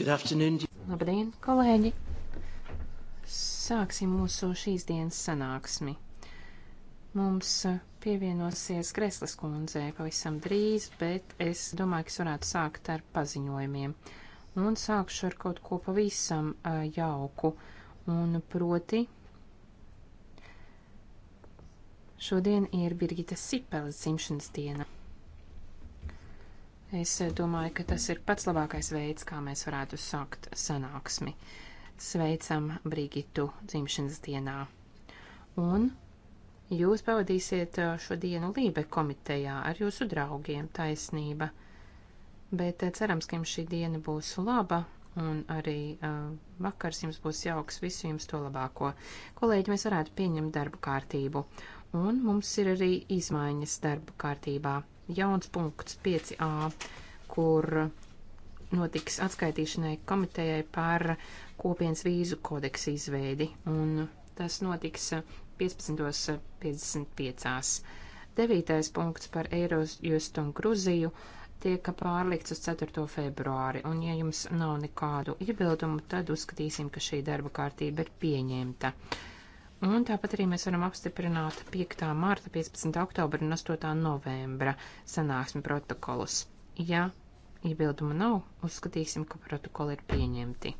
Labdien, kolēģi! Sāksim mūsu šīs dienas sanāksmi. Mums eh, pievienosies Greslas kundzei pavisam drīz, bet es domāju, ka es varētu sākt ar paziņojumiem. Un sākšu ar kaut ko pavisam eh, jauku. Un proti, šodien ir Birgita Sipeles dzimšanas diena. Es domāju, ka tas ir pats labākais veids, kā mēs varētu sākt sanāksmi. Sveicam Brigitu dzimšanas dienā. Un jūs pavadīsiet uh, šo dienu Lībe komitejā ar jūsu draugiem, taisnība. Bet uh, cerams, ka jums šī diena būs laba, un arī uh, vakars jums būs jauks, visu jums to labāko. Kolēģi, mēs varētu pieņemt darbu kārtību, un mums ir arī izmaiņas darbu kārtībā jauns punkts 5a, kur notiks atskaitīšanai komitejai par kopienas vīzu kodeksu izveidi, un tas notiks 15.55. Devītais punkts par Eirojust un Gruziju tiek pārlikts uz 4. februāri, un ja jums nav nekādu iebildumu, tad uzskatīsim, ka šī darba kārtība ir pieņemta. Un tāpat arī mēs varam apstiprināt 5. mārta, 15. oktobra un 8. novembra sanāksmi protokolus. Ja iebildumu nav, uzskatīsim, ka protokoli ir pieņemti.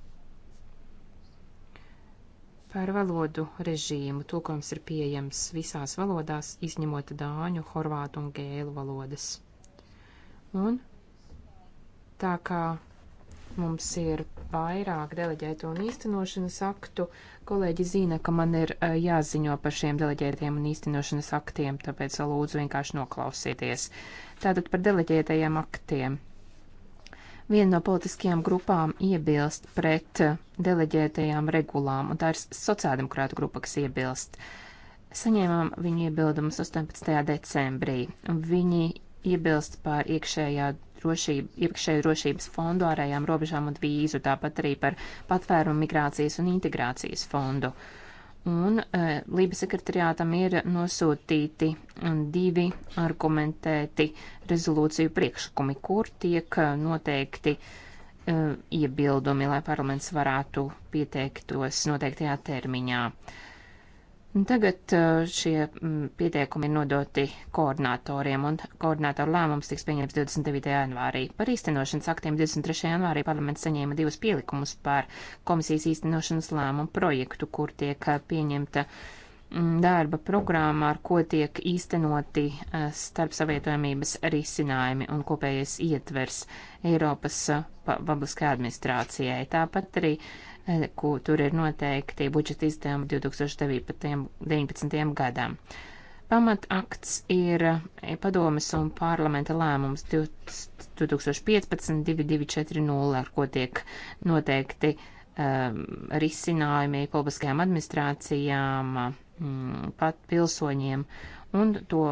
Par valodu režīmu tulkojums ir pieejams visās valodās, izņemot dāņu, horvātu un gēlu valodas. Un tā kā Mums ir vairāk deleģēto un īstenošanas aktu. Kolēģi zina, ka man ir eh, jāziņo par šiem deleģētiem un īstenošanas aktiem, tāpēc lūdzu vienkārši noklausieties. Tātad par deleģētajiem aktiem. Viena no politiskajām grupām iebilst pret deleģētajām regulām, un tā ir sociāldemokrāta grupa, kas iebilst. Saņēmām viņu iebildumus 18. decembrī. Viņi iebilst par iekšējā drošību, iekšēju drošības fondu, ārējām robežām un vīzu, tāpat arī par patvērumu migrācijas un integrācijas fondu. Un e, Lībijas sekretariātam ir nosūtīti mm, divi argumentēti rezolūciju priekšlikumi, kur tiek eh, noteikti e, iebildumi, lai parlaments varētu pieteiktos noteiktajā termiņā. E, Tagad uh, šie mm, pieteikumi ir nodoti koordinatoriem, un koordinatoru lēmums tiks pieņemts 29. janvārī. Par īstenošanas aktiem 23. janvārī parlaments saņēma divus pielikumus par komisijas īstenošanas lēmumu projektu, kur tiek uh, pieņemta mm, darba programma, ar ko tiek īstenoti uh, starpsavietojamības risinājumi un kopējais ietvers Eiropas publiskajai administrācijai. Tāpat arī Eh, ko tur ir noteikti budžeta izdevumi 2019. gadam. Pamat akts ir eh, padomas un parlamenta lēmums 2015-2240, ar ko tiek noteikti um, risinājumi publiskajām administrācijām, um, pat pilsoņiem, un to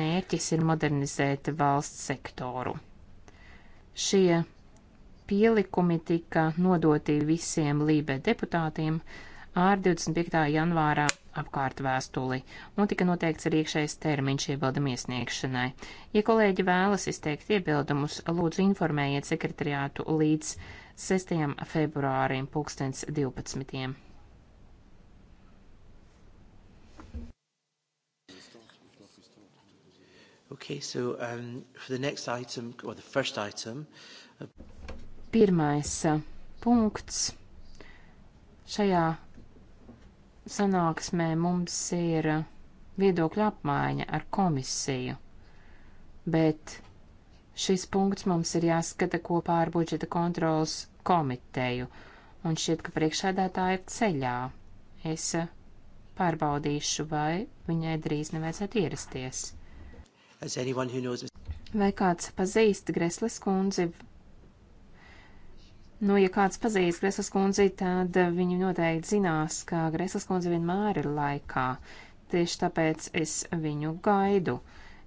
mērķis ir modernizēt valsts sektoru. Šie Pielikumi tika nodoti visiem Lībe deputātiem ar 25. janvārā apkārt vēstuli, un nu, tika noteikts arī iekšējais termiņš iebildumu iesniegšanai. Ja kolēģi vēlas izteikt iebildumus, lūdzu informējiet sekretariātu līdz 6. februārim 2012. Okay, so um, for the next item, or the first item, Pirmais uh, punkts šajā sanāksmē mums ir uh, viedokļa apmaiņa ar komisiju, bet šis punkts mums ir jāskata kopā ar budžeta kontrolas komiteju, un šķiet, ka priekšādātāja ir ceļā. Es uh, pārbaudīšu, vai viņai drīz nevajadzētu ierasties. Vai kāds pazīst Greslis kundzi Nu, ja kāds pazīst Gresas kundzi, tad viņi noteikti zinās, ka Gresas kundze vienmēr ir laikā. Tieši tāpēc es viņu gaidu.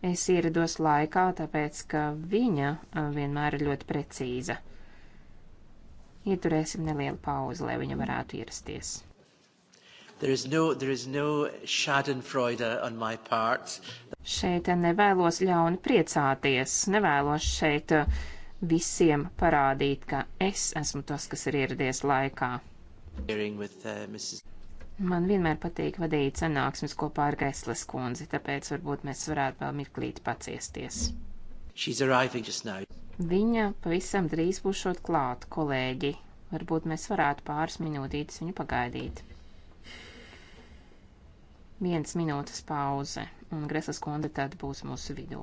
Es ierados laikā, tāpēc, ka viņa vienmēr ir ļoti precīza. Ieturēsim nelielu pauzi, lai viņa varētu ierasties. There is no, there is no schadenfreude on my part. Šeit nevēlos ļauni priecāties, nevēlos šeit uh, visiem parādīt, ka es esmu tas, kas ir ieradies laikā. Uh, Man vienmēr patīk vadīt sanāksmes kopā ar Gaislas kundzi, tāpēc varbūt mēs varētu vēl mirklīt paciesties. Viņa pavisam drīz būs šot klāt, kolēģi. Varbūt mēs varētu pāris minūtītes viņu pagaidīt viens minūtes pauze, un Gresas konde tad būs mūsu vidū.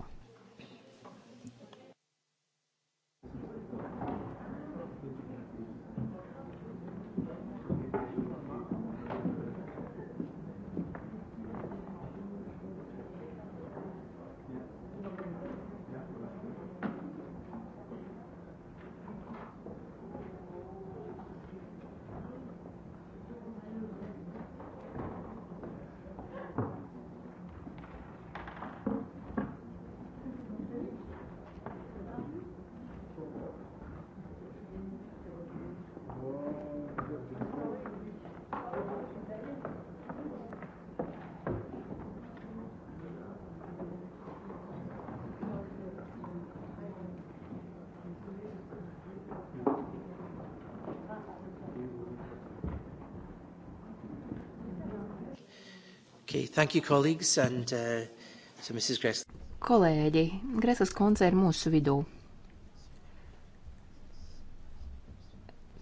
Okay, thank you, colleagues, and uh, to Mrs. Gress. Kolēģi, Gresas kundze ir mūsu vidū.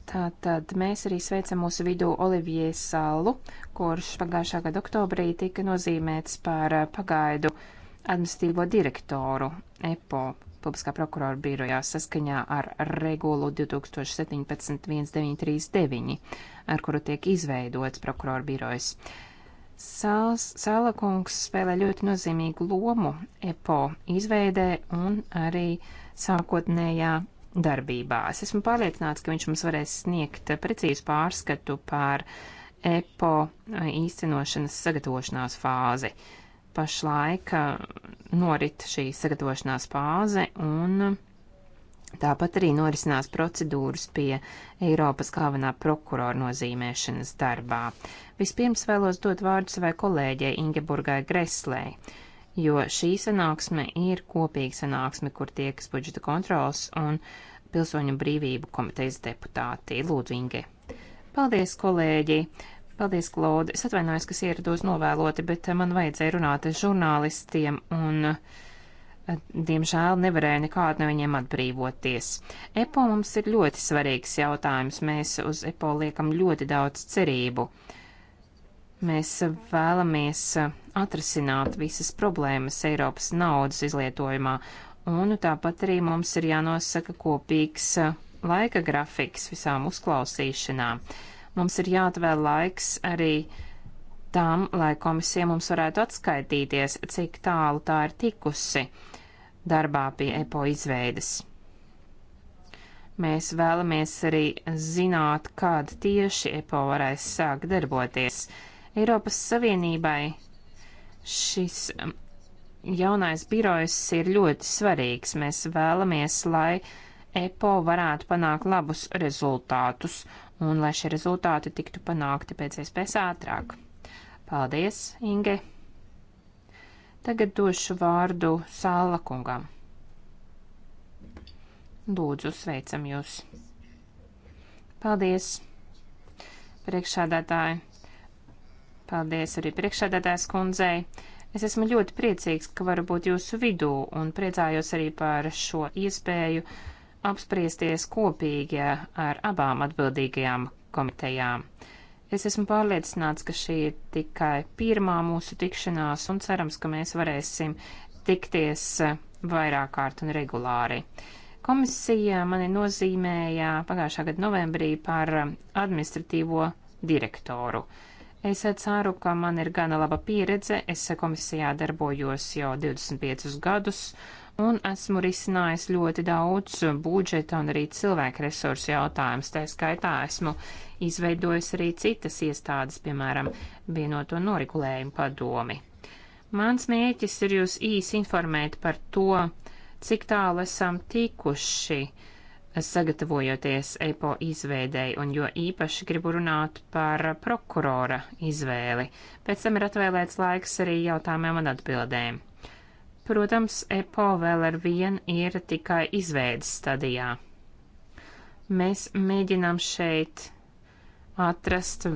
Tātad mēs arī sveicam mūsu vidū Olivier Salu, kurš pagājušā gada oktobrī tika nozīmēts par uh, pagaidu administratīvo direktoru EPO publiskā prokurora birojā saskaņā ar regulu 2017.1939, ar kuru tiek izveidots prokurora birojas. Sāls, Sāla kungs spēlē ļoti nozīmīgu lomu EPO izveidē un arī sākotnējā darbībā. Es esmu pārliecināts, ka viņš mums varēs sniegt precīzu pārskatu par EPO īstenošanas sagatavošanās fāzi. Pašlaik uh, norit šī sagatavošanās fāze un Tāpat arī norisinās procedūras pie Eiropas galvenā prokurora nozīmēšanas darbā. Vispirms vēlos dot vārdu savai kolēģei Ingeburgai Greslē, jo šī sanāksme ir kopīga sanāksme, kur tiekas budžeta kontrols un pilsoņu brīvību komitejas deputāti. Lūdzu, Inge! Paldies, kolēģi! Paldies, Klaude! Es atvainojos, kas ierados novēloti, bet man vajadzēja runāt ar žurnālistiem un uh, diemžēl nevarēja nekādu no viņiem atbrīvoties. EPO mums ir ļoti svarīgs jautājums. Mēs uz EPO liekam ļoti daudz cerību. Mēs vēlamies atrasināt visas problēmas Eiropas naudas izlietojumā, un tāpat arī mums ir jānosaka kopīgs uh, laika grafiks visām uzklausīšanām. Mums ir jāatvēl laiks arī uh, tam, lai komisija mums varētu atskaitīties, cik tālu tā ir tikusi darbā pie EPO izveides. Mēs vēlamies arī zināt, kad tieši EPO varēs sākt darboties. Eiropas Savienībai šis mm, jaunais birojs ir ļoti svarīgs. Mēs vēlamies, lai EPO varētu panākt labus rezultātus un lai šie rezultāti tiktu panākti pēc iespējas ātrāk. Paldies, Inge! Tagad došu vārdu Sāla kungam. Lūdzu, sveicam jūs! Paldies, priekšādātāji! Paldies arī priekšādātājs kundzei! Es esmu ļoti priecīgs, ka varu būt jūsu vidū un priecājos arī par šo iespēju apspriesties kopīgi ar abām atbildīgajām komitejām. Es esmu pārliecināts, ka šī ir tikai pirmā mūsu tikšanās un cerams, ka mēs varēsim tikties eh, vairāk kārt un regulāri. Komisija mani nozīmēja pagājušā gada novembrī par eh, administratīvo direktoru. Es eh, ceru, ka man ir gana laba pieredze. Es komisijā darbojos jau 25 gadus un esmu risinājis ļoti daudz budžeta un arī cilvēku resursu jautājumus. Tā skaitā esmu izveidojis arī citas iestādes, piemēram, vienoto norikulējumu padomi. Mans mērķis ir jūs īsi informēt par to, cik tālu esam tikuši eh, sagatavojoties EPO izveidēji, un jo īpaši gribu runāt par prokurora izvēli. Pēc tam ir atvēlēts laiks arī jautājumiem un atbildēm. Protams, EPO vēl ar vienu ir tikai izveidas stadijā. Mēs mēģinām šeit atrast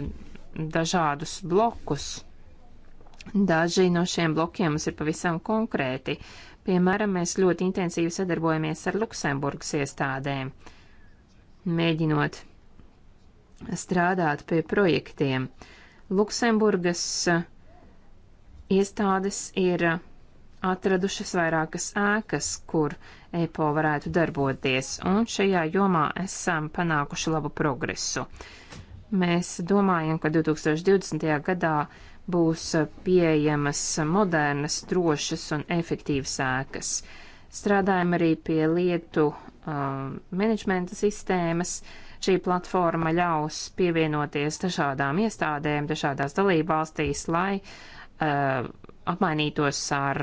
dažādus blokus. Daži no šiem blokiem mums ir pavisam konkrēti. Piemēram, mēs ļoti intensīvi sadarbojamies ar Luksemburgas iestādēm, mēģinot strādāt pie projektiem. Luksemburgas iestādes ir atradušas vairākas ēkas, kur EPO varētu darboties, un šajā jomā esam panākuši labu progresu. Mēs domājam, ka 2020. gadā būs pieejamas modernas, drošas un efektīvas ēkas. Strādājam arī pie lietu um, menedžmenta sistēmas. Šī platforma ļaus pievienoties dažādām iestādēm, dažādās dalībvalstīs, lai uh, apmainītos ar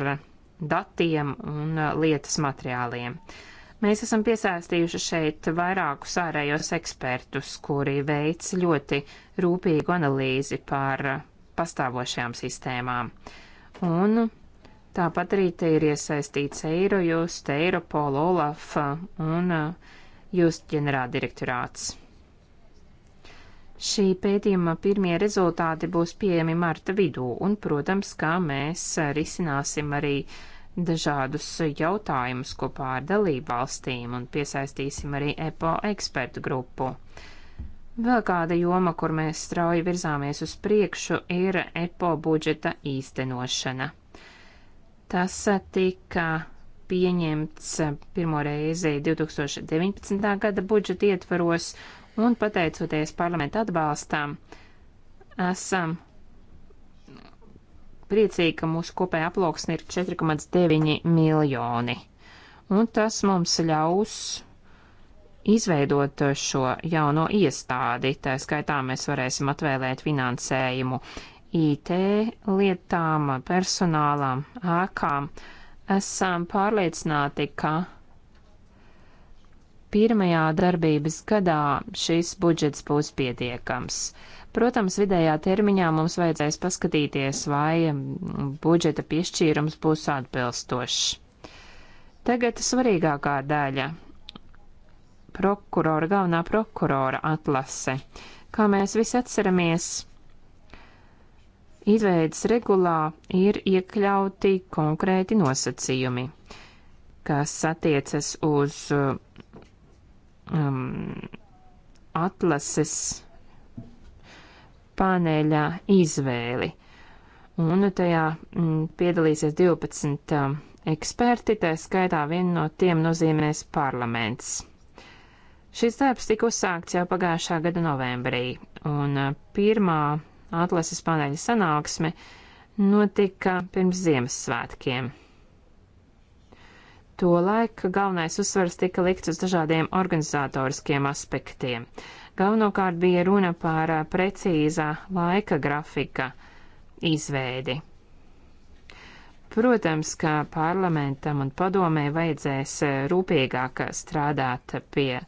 datiem un uh, lietas materiāliem. Mēs esam piesaistījuši šeit vairākus ārējos ekspertus, kuri veic ļoti rūpīgu analīzi par uh, pastāvošajām sistēmām. Un tāpat arī te ir iesaistīts Eirojust, Eiropol, Olaf uh, un Just ģenerāldirektorāts. Šī pētījuma pirmie rezultāti būs pieejami marta vidū, un, protams, kā mēs risināsim arī dažādus jautājumus kopā ar dalību valstīm un piesaistīsim arī EPO ekspertu grupu. Vēl kāda joma, kur mēs strauji virzāmies uz priekšu, ir EPO budžeta īstenošana. Tas tika pieņemts pirmo reizi 2019. gada budžeta ietvaros, un pateicoties parlamenta atbalstam, esam priecīgi, ka mūsu kopējā aploksne ir 4,9 miljoni. Un tas mums ļaus izveidot šo jauno iestādi. Tā skaitā mēs varēsim atvēlēt finansējumu IT lietām, personālām, ēkām. Esam pārliecināti, ka pirmajā darbības gadā šis budžets būs pietiekams. Protams, vidējā termiņā mums vajadzēs paskatīties, vai mm, budžeta piešķīrums būs atbilstošs. Tagad svarīgākā daļa - prokurora, galvenā prokurora atlase. Kā mēs visi atceramies, izveidas regulā ir iekļauti konkrēti nosacījumi, kas attiecas uz um, atlases pāneļā izvēli. Un tajā mm, piedalīsies 12 um, eksperti, tā skaitā viena no tiem nozīmēs parlaments. Šis darbs tika uzsākts jau pagājušā gada novembrī, un uh, pirmā atlases paneļa sanāksme notika pirms Ziemassvētkiem. Tolaik galvenais uzsvars tika likts uz dažādiem organizatoriskiem aspektiem. Galvenokārt bija runa par precīzā laika grafika izveidi. Protams, ka parlamentam un padomē vajadzēs rūpīgāk strādāt pie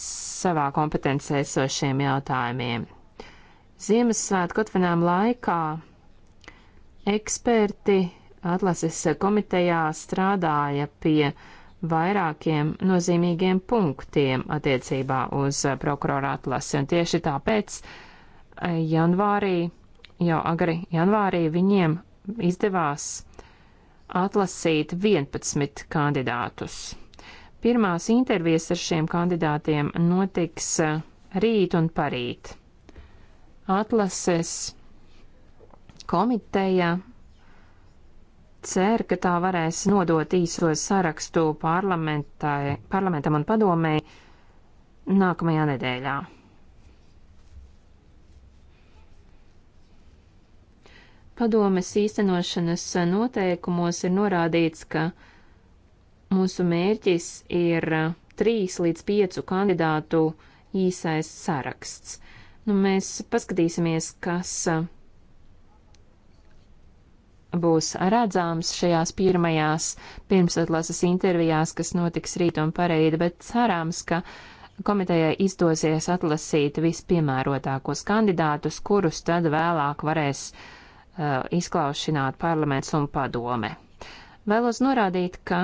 savā kompetencē esošiem jautājumiem. Ziemassvētku atvinām laikā eksperti atlases komitejā strādāja pie vairākiem nozīmīgiem punktiem attiecībā uz prokurora atlasi, un tieši tāpēc eh, janvārī, jau agri janvārī viņiem izdevās atlasīt 11 kandidātus. Pirmās intervijas ar šiem kandidātiem notiks eh, rīt un parīt. Atlases komiteja cer, ka tā varēs nodot īso sarakstu parlamentam un padomēji nākamajā nedēļā. Padomes īstenošanas noteikumos ir norādīts, ka mūsu mērķis ir 3 līdz 5 kandidātu īsais saraksts. Nu, mēs paskatīsimies, kas būs redzams šajās pirmajās pirmsatlases intervijās, kas notiks rīt un parīt, bet cerams, ka komitejai izdosies atlasīt vispiemērotākos kandidātus, kurus tad vēlāk varēs uh, izklaušināt parlaments un padome. Vēlos norādīt, ka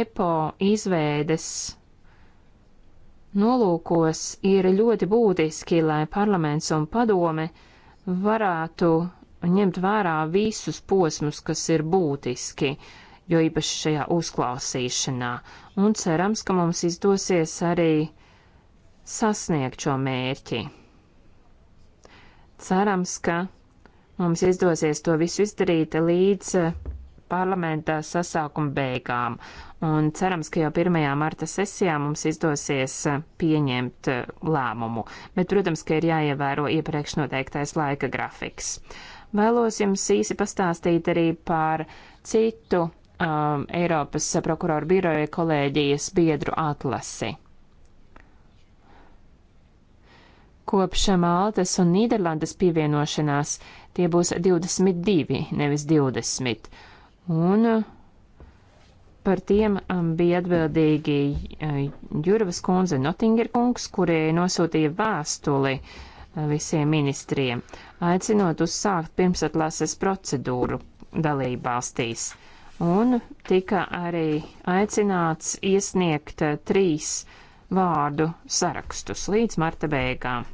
EPO izveides nolūkos ir ļoti būtiski, lai parlaments un padome varētu ņemt vērā visus posmus, kas ir būtiski, jo īpaši šajā uzklausīšanā, un cerams, ka mums izdosies arī sasniegt šo mērķi. Cerams, ka mums izdosies to visu izdarīt līdz eh, parlamentā sasākuma beigām, un cerams, ka jau 1. marta sesijā mums izdosies eh, pieņemt eh, lēmumu, bet, protams, ka ir jāievēro iepriekš noteiktais laika grafiks. Vēlos jums īsi pastāstīt arī par citu um, Eiropas prokuroru biroja kolēģijas biedru atlasi. Kopš Maltas un Nīderlandes pievienošanās tie būs 22, nevis 20. Un par tiem um, bija atbildīgi uh, Jurvas kundze Notinger kungs, kurie nosūtīja vēstuli uh, visiem ministriem, aicinot uzsākt pirmsatlases procedūru dalībvalstīs. Un tika arī aicināts iesniegt eh, trīs vārdu sarakstus līdz marta beigām.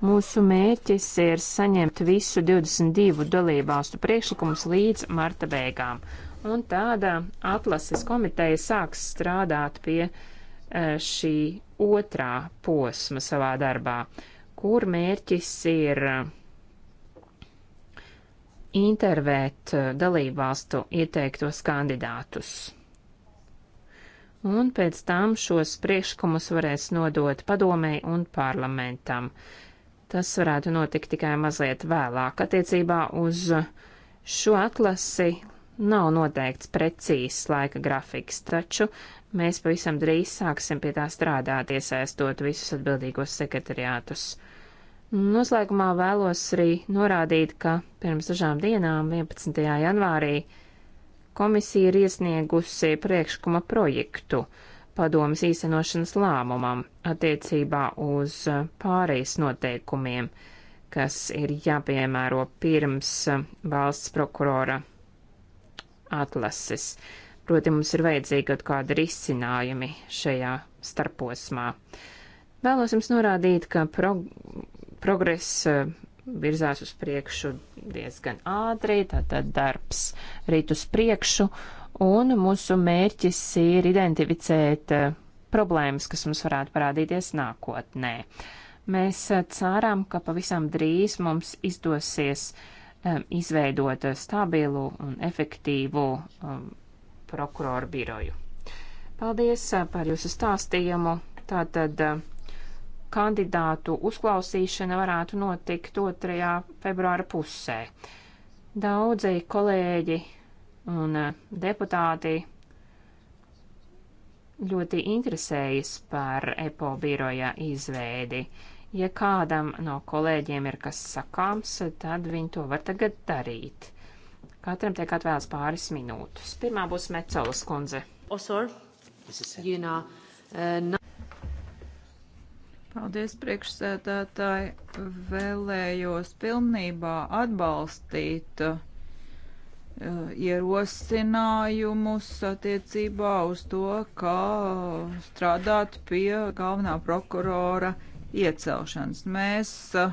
Mūsu mērķis ir saņemt visu 22 dalībvalstu priekšlikumus līdz marta beigām, un tādā atlases komiteja sāks strādāt pie uh, E, šī otrā posma savā darbā, kur mērķis ir intervēt dalībvalstu ieteiktos kandidātus. Un pēc tam šos priekšlikumus varēs nodot padomēji un parlamentam. Tas varētu notikt tikai mazliet vēlāk. Attiecībā uz šo atlasi nav noteikts precīzs laika grafiks, taču Mēs pavisam drīz sāksim pie tā strādāt, iesaistot visus atbildīgos sekretariātus. Noslēgumā vēlos arī norādīt, ka pirms dažām dienām, 11. janvārī, komisija ir iesniegusi priekšlikuma projektu padomas īstenošanas lēmumam attiecībā uz pārejas noteikumiem, kas ir jāpiemēro pirms valsts prokurora atlases. Proti mums ir vajadzīgi kaut kādi risinājumi šajā starposmā. Vēlos jums norādīt, ka prog progress eh, virzās uz priekšu diezgan ātri, tātad darbs rīt uz priekšu, un mūsu mērķis ir identificēt eh, problēmas, kas mums varētu parādīties nākotnē. Mēs eh, ceram, ka pavisam drīz mums izdosies um, izveidot stabilu un efektīvu um, prokuroru biroju. Paldies par jūsu stāstījumu. Tātad kandidātu uzklausīšana varētu notikt 2. februāra pusē. Daudzi kolēģi un deputāti ļoti interesējas par EPO biroja izveidi. Ja kādam no kolēģiem ir kas sakāms, tad viņi to var tagad darīt. Katram tiek atvēlēts pāris minūtes. Pirmā būs Mecolas kundze. Osor, Jīnā. Uh, Paldies, priekšsēdētāji. Vēlējos pilnībā atbalstīt uh, ierosinājumus attiecībā uz to, kā strādāt pie galvenā prokurora iecelšanas. Mēs uh,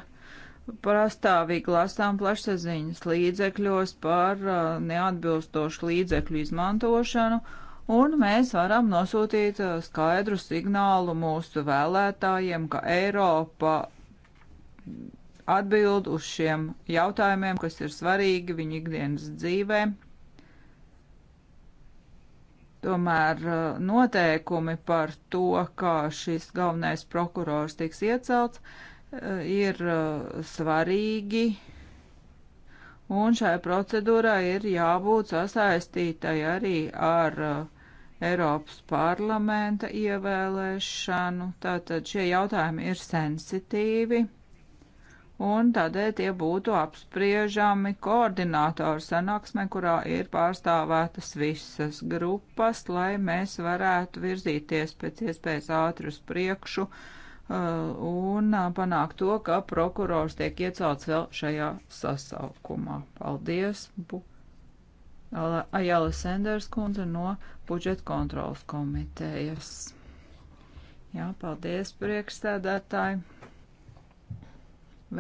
pastāvīgi lasām plašsaziņas līdzekļos par uh, neatbilstošu līdzekļu izmantošanu, un mēs varam nosūtīt uh, skaidru signālu mūsu vēlētājiem, ka Eiropa atbild uz šiem jautājumiem, kas ir svarīgi viņu ikdienas dzīvē. Tomēr uh, noteikumi par to, kā šis galvenais prokurors tiks iecelts, uh, ir uh, svarīgi, un šai procedūrai ir jābūt sasaistītai arī ar uh, Eiropas parlamenta ievēlēšanu. Tātad šie jautājumi ir sensitīvi, un tādēļ tie būtu apspriežami koordinātoru sanāksmē, kurā ir pārstāvētas visas grupas, lai mēs varētu virzīties pēc iespējas ātri uz priekšu. Uh, Eh, un eh, panākt to, ka prokurors tiek iecelts vēl šajā sasaukumā. Paldies! Ajala Senders kundze no budžeta kontrolas komitejas. Jā, paldies priekšstādātāji.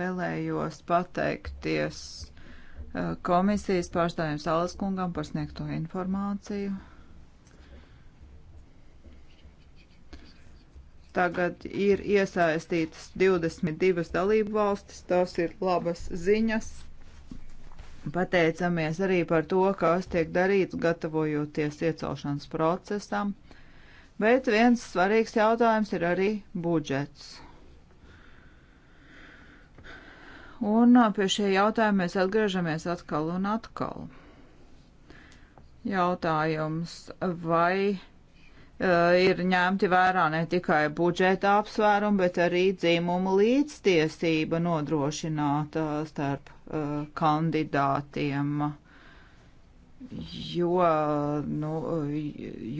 Vēlējos pateikties eh, komisijas pārstāvjiem Salas kungam par sniegto informāciju. Tagad ir iesaistītas 22 dalību valstis, tās ir labas ziņas. Pateicamies arī par to, kas tiek darīts gatavojoties iecelšanas procesam, bet viens svarīgs jautājums ir arī budžets. Un pie šie jautājumi mēs atgriežamies atkal un atkal. Jautājums, vai Eh, ir ņemti vērā ne tikai budžeta apsvērumi, bet arī dzimumu līdztiesība nodrošināta starp uh, kandidātiem. Jo nu,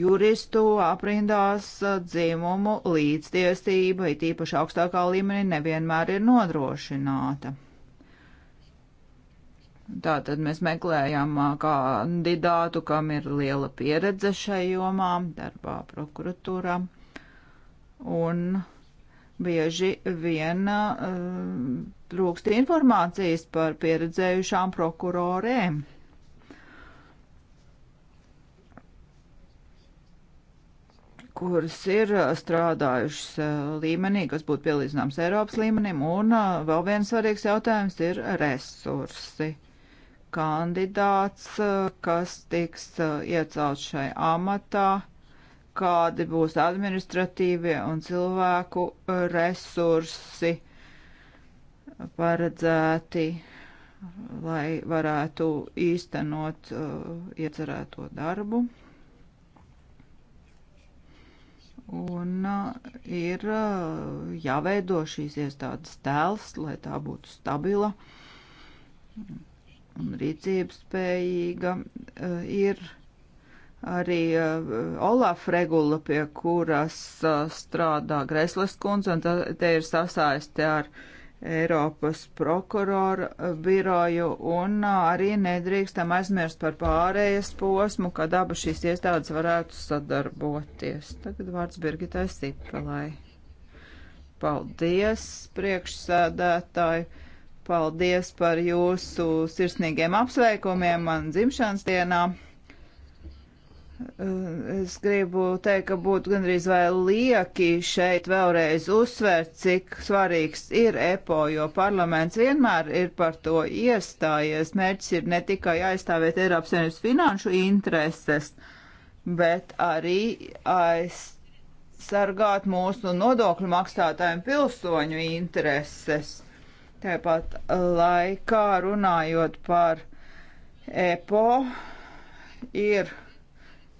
juristu aprindās dzimumu līdztiesība, it īpaši augstākā līmenī, nevienmēr ir nodrošināta. Tātad mēs meklējām kandidātu, kam ir liela pieredze šai jomā, darbā prokuratūrā. Un bieži vien trūkst uh, informācijas par pieredzējušām prokurorēm. kuras ir strādājušas līmenī, kas būtu pielīdzināms Eiropas līmenim, un vēl viens svarīgs jautājums ir resursi kandidāts, eh, kas tiks eh, iecelts šai amatā, kādi būs administratīvie un cilvēku eh, resursi paredzēti, lai varētu īstenot uh, iecerēto darbu un ir jāveido šīs iestādes tēls, lai tā būtu stabila, un rīcības spējīga. Eh, ir arī eh, Olaf regula, pie kuras eh, strādā Greslis kundze, un te ir sasaisti ar Eiropas prokurora biroju, un arī nedrīkstam aizmirst par pārējais posmu, kad abas šīs iestādes varētu sadarboties. Tagad vārds Birgitai Sipelai. Paldies, priekšsēdētāji! Paldies par jūsu sirsnīgiem apsveikumiem man dzimšanas dienā. Uh, es gribu teikt, ka būtu gandrīz vai lieki šeit vēlreiz uzsvērt, cik svarīgs ir EPO, jo parlaments vienmēr ir par to iestājies. Mērķis ir ne tikai aizstāvēt Eiropas Savienības finanšu intereses, bet arī aizsargāt mūsu nodokļu maksātājiem pilsoņu intereses Tāpat laikā runājot par EPO ir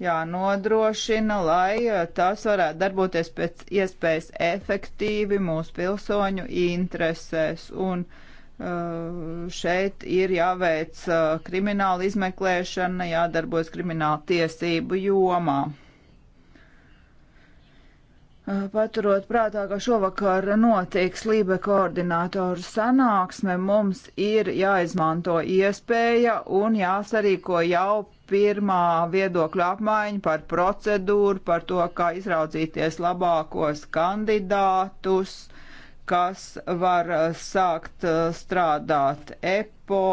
jānodrošina, lai uh, tas varētu darboties pēc iespējas efektīvi mūsu pilsoņu interesēs. Un uh, šeit ir jāveic uh, krimināla izmeklēšana, jādarbojas krimināla tiesību jomā. Eh, paturot prātā, ka šovakar notiks Lībe koordinātoru sanāksme, mums ir jāizmanto iespēja un jāsarīko jau pirmā viedokļa apmaiņa par procedūru, par to, kā izraudzīties labākos kandidātus, kas var eh, sākt eh, strādāt EPO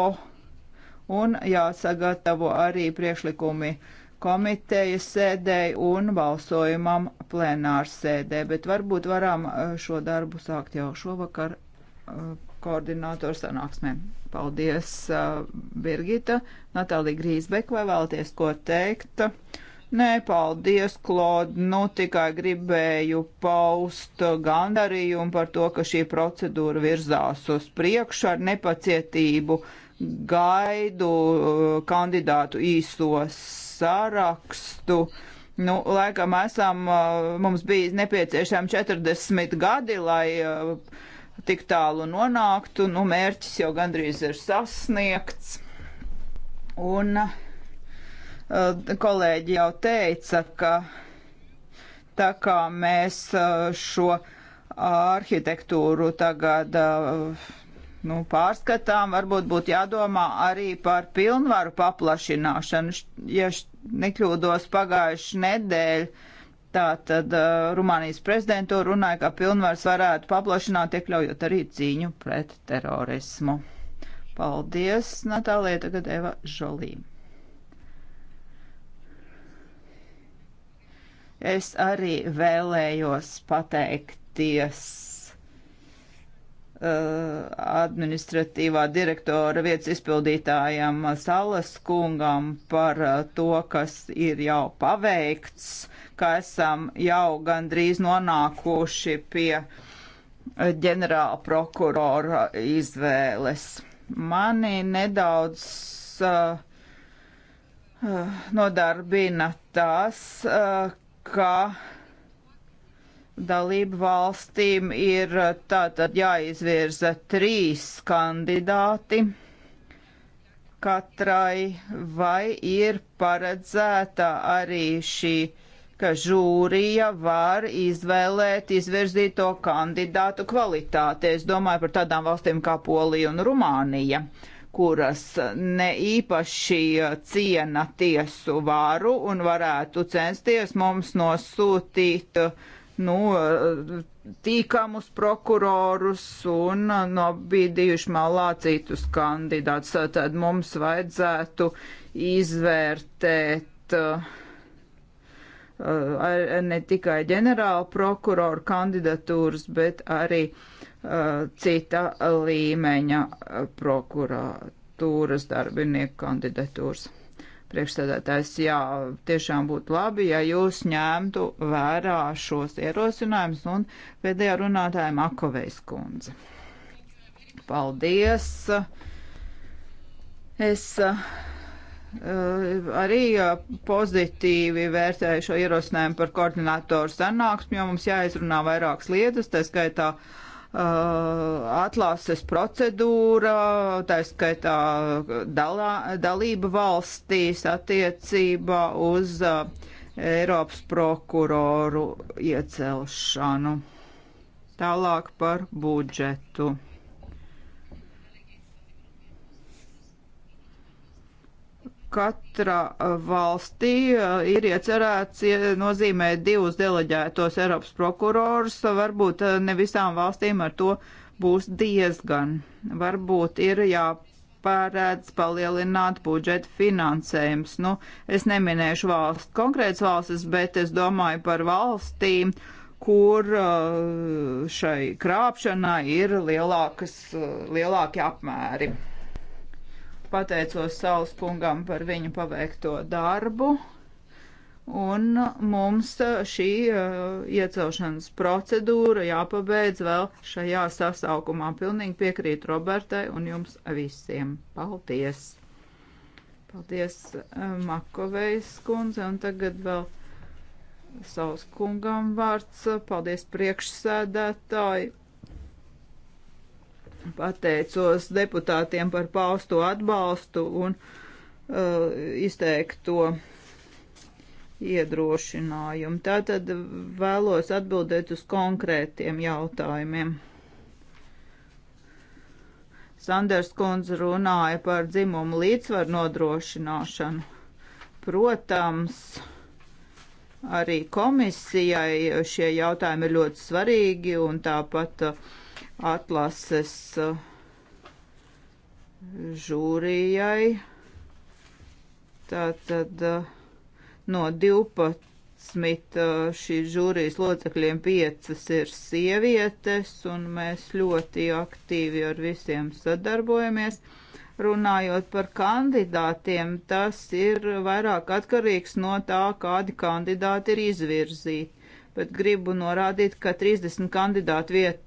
un jāsagatavo arī priekšlikumi uh, komitejas sēdēji un balsojumam plenārsēdē, bet varbūt varam uh, šo darbu sākt jau šovakar uh, koordinātoru sanāksmēm. Paldies, uh, Birgita. Natālija Grīsbek, vai vēlaties ko teikt? Nē, paldies, Klod. Nu, tikai gribēju paust gandarījumu par to, ka šī procedūra virzās uz priekšu ar nepacietību. Uh, gaidu uh, kandidātu īso sarakstu. Nu, laikam esam, uh, mums bija nepieciešami 40 gadi, lai uh, tik tālu nonāktu. Nu, mērķis jau gandrīz ir sasniegts. Un kolēģi jau teica, ka tā kā mēs šo arhitektūru tagad nu, pārskatām, varbūt būtu jādomā arī par pilnvaru paplašināšanu. Ja nekļūdos pagājuši nedēļ, tā tad uh, Rumānijas prezidentu runāja, ka pilnvars varētu paplašināt, iekļaujot arī cīņu pret terorismu. Paldies, Natālija, tagad Eva Žolī. Es arī vēlējos pateikties Eh, administratīvā direktora vietas izpildītājam Salas kungam par eh, to, kas ir jau paveikts, ka esam jau gandrīz nonākuši pie eh, ģenerāla prokurora izvēles. Mani nedaudz uh, nodarbina tas, uh, ka dalību valstīm ir eh, tātad jāizvirza trīs kandidāti katrai, vai ir paredzēta arī šī, ka žūrija var izvēlēt izvirzīto kandidātu kvalitāti. Es domāju par tādām valstīm kā Polija un Rumānija kuras ne īpaši eh, ciena tiesu varu un varētu censties mums nosūtīt uh, nu, tīkamus prokurorus un nobīdījuši nu, malā citus kandidātus. Tad mums vajadzētu izvērtēt uh, ne tikai ģenerāla prokuroru kandidatūras, bet arī uh, cita līmeņa eh, prokuratūras darbinieku kandidatūras priekšstādātājs, jā, tiešām būtu labi, ja jūs ņemtu vērā šos ierosinājumus un pēdējā runātāja Makovejs kundze. Paldies! Es uh, arī uh, pozitīvi vērtēju šo ierosinājumu par koordinātoru sanāksmi, jo mums jāizrunā vairākas lietas, tā skaitā uh, Uh, atlases procedūra, tā skaitā dalā, dalība valstīs attiecībā uz uh, Eiropas prokuroru iecelšanu. Tālāk par budžetu. katrā uh, valstī uh, ir iecerēts nozīmēt divus deleģētos Eiropas prokurorus. Varbūt uh, ne visām valstīm ar to būs diezgan. Varbūt ir jāpārēdz palielināt budžeta finansējums. Nu, es neminēšu valsts, konkrēts valstis, bet es domāju par valstīm, kur šai krāpšanai ir lielākas, lielāki apmēri pateicos Saules kungam par viņu paveikto darbu. Un mums šī eh, iecelšanas procedūra jāpabeidz vēl šajā sasaukumā. Pilnīgi piekrīt Robertai un jums visiem. Paldies! Paldies eh, Makovejas kundze un tagad vēl savus kungam vārds. Paldies priekšsēdētāji! pateicos deputātiem par pausto atbalstu un uh, izteikto iedrošinājumu. Tātad vēlos atbildēt uz konkrētiem jautājumiem. Sanders kundze runāja par dzimumu līdzsvaru nodrošināšanu. Protams, arī komisijai šie jautājumi ir ļoti svarīgi un tāpat uh, atlases eh, žūrijai. Tātad eh, no 12 eh, šīs žūrijas locekļiem 5 ir sievietes, un mēs ļoti aktīvi ar visiem sadarbojamies. Runājot par kandidātiem, tas ir vairāk atkarīgs no tā, kādi kandidāti ir izvirzīti. Bet gribu norādīt, ka 30 kandidātu viet,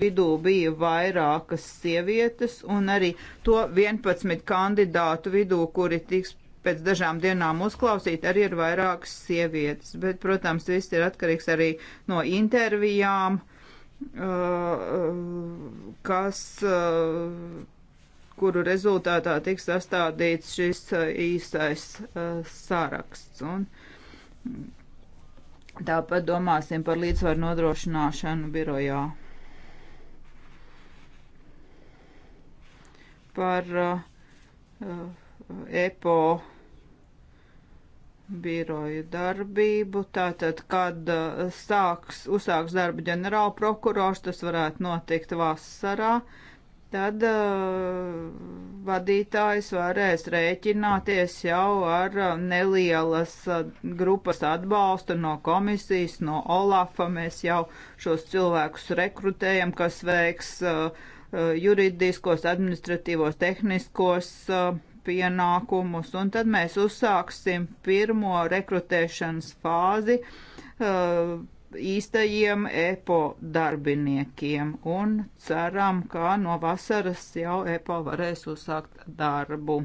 vidū bija vairākas sievietes, un arī to 11 kandidātu vidū, kuri tiks pēc dažām dienām uzklausīt, arī ir vairākas sievietes. Bet, protams, viss ir atkarīgs arī no intervijām, uh, kas, uh, kuru rezultātā tiks sastādīts šis uh, īstais saraksts. Un, Tāpat domāsim par līdzsvaru nodrošināšanu birojā. par uh, eh, EPO biroju darbību. Tātad, kad uh, sāks, uzsāks darbu ģenerāla prokurors, tas varētu notikt vasarā, tad uh, vadītājs varēs rēķināties jau ar uh, nelielas grupas atbalstu no komisijas, no Olafa. Mēs jau šos cilvēkus rekrutējam, kas veiks uh, Eh, juridiskos, administratīvos, tehniskos eh, pienākumus, un tad mēs uzsāksim pirmo rekrutēšanas fāzi eh, īstajiem EPO darbiniekiem, un ceram, ka no vasaras jau EPO varēs uzsākt darbu.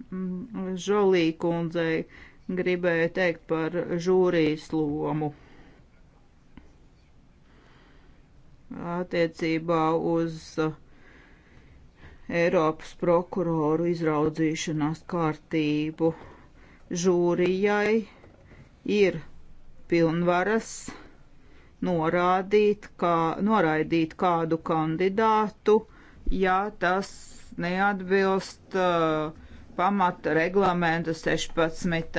Mm, Žolī kundzei gribēju teikt par žūrijas lomu. attiecībā uz uh, Eiropas prokuroru izraudzīšanās kārtību žūrijai ir pilnvaras norādīt, kā, noraidīt kādu kandidātu, ja tas neatbilst uh, pamata reglamenta 16.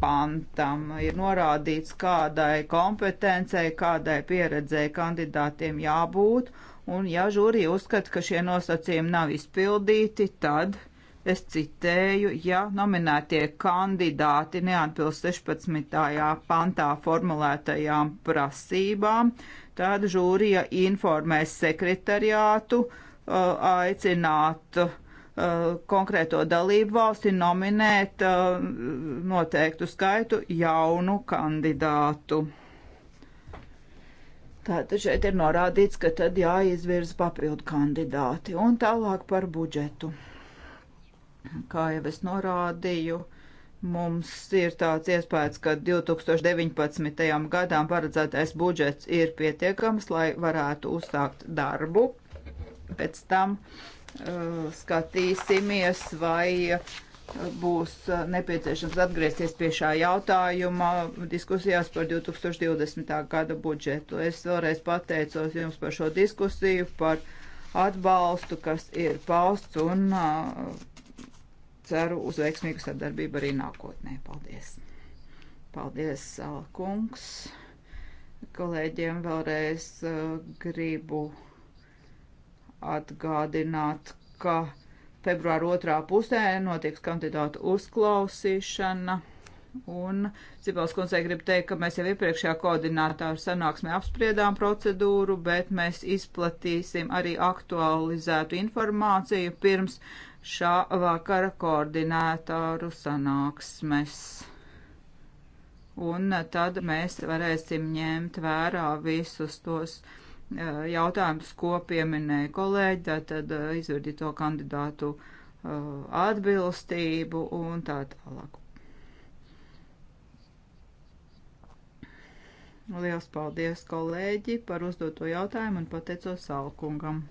pantam. Ir norādīts, kādai kompetencei, kādai pieredzei kandidātiem jābūt, un ja žūrī uzskata, ka šie nosacījumi nav izpildīti, tad es citēju, ja nominētie kandidāti neatbilst 16. pantā formulētajām prasībām, tad žūrija informēs sekretariātu uh, aicināt uh, konkrēto dalību valsti nominēt uh, noteiktu skaitu jaunu kandidātu. Tātad šeit ir norādīts, ka tad jāizvirza papildu kandidāti un tālāk par budžetu. Kā jau es norādīju, mums ir tāds iespējas, ka 2019. gadām paredzētais budžets ir pietiekams, lai varētu uzsākt darbu. Pēc tam uh, Eh, skatīsimies, vai eh, būs eh, nepieciešams atgriezties pie šā jautājuma diskusijās par 2020. gada budžetu. Es vēlreiz pateicos jums par šo diskusiju, par atbalstu, kas ir pausts un uh, ceru uz veiksmīgu sadarbību arī nākotnē. Paldies! Paldies, Sala kungs! Kolēģiem vēlreiz uh, gribu atgādināt, ka februāra otrā pusē notiks kandidātu uzklausīšana. Un Cipels kundzei grib teikt, ka mēs jau iepriekšējā koordinātāru sanāksmē apspriedām procedūru, bet mēs izplatīsim arī aktualizētu informāciju pirms šā vakara koordinātāru sanāksmes. Un tad mēs varēsim ņemt vērā visus tos uh, Eh, jautājums, ko pieminēja kolēģi, tātad eh, izvirdīto kandidātu eh, atbilstību un tā tālāk. Liels paldies, kolēģi, par uzdoto jautājumu un pateicos Salkungam.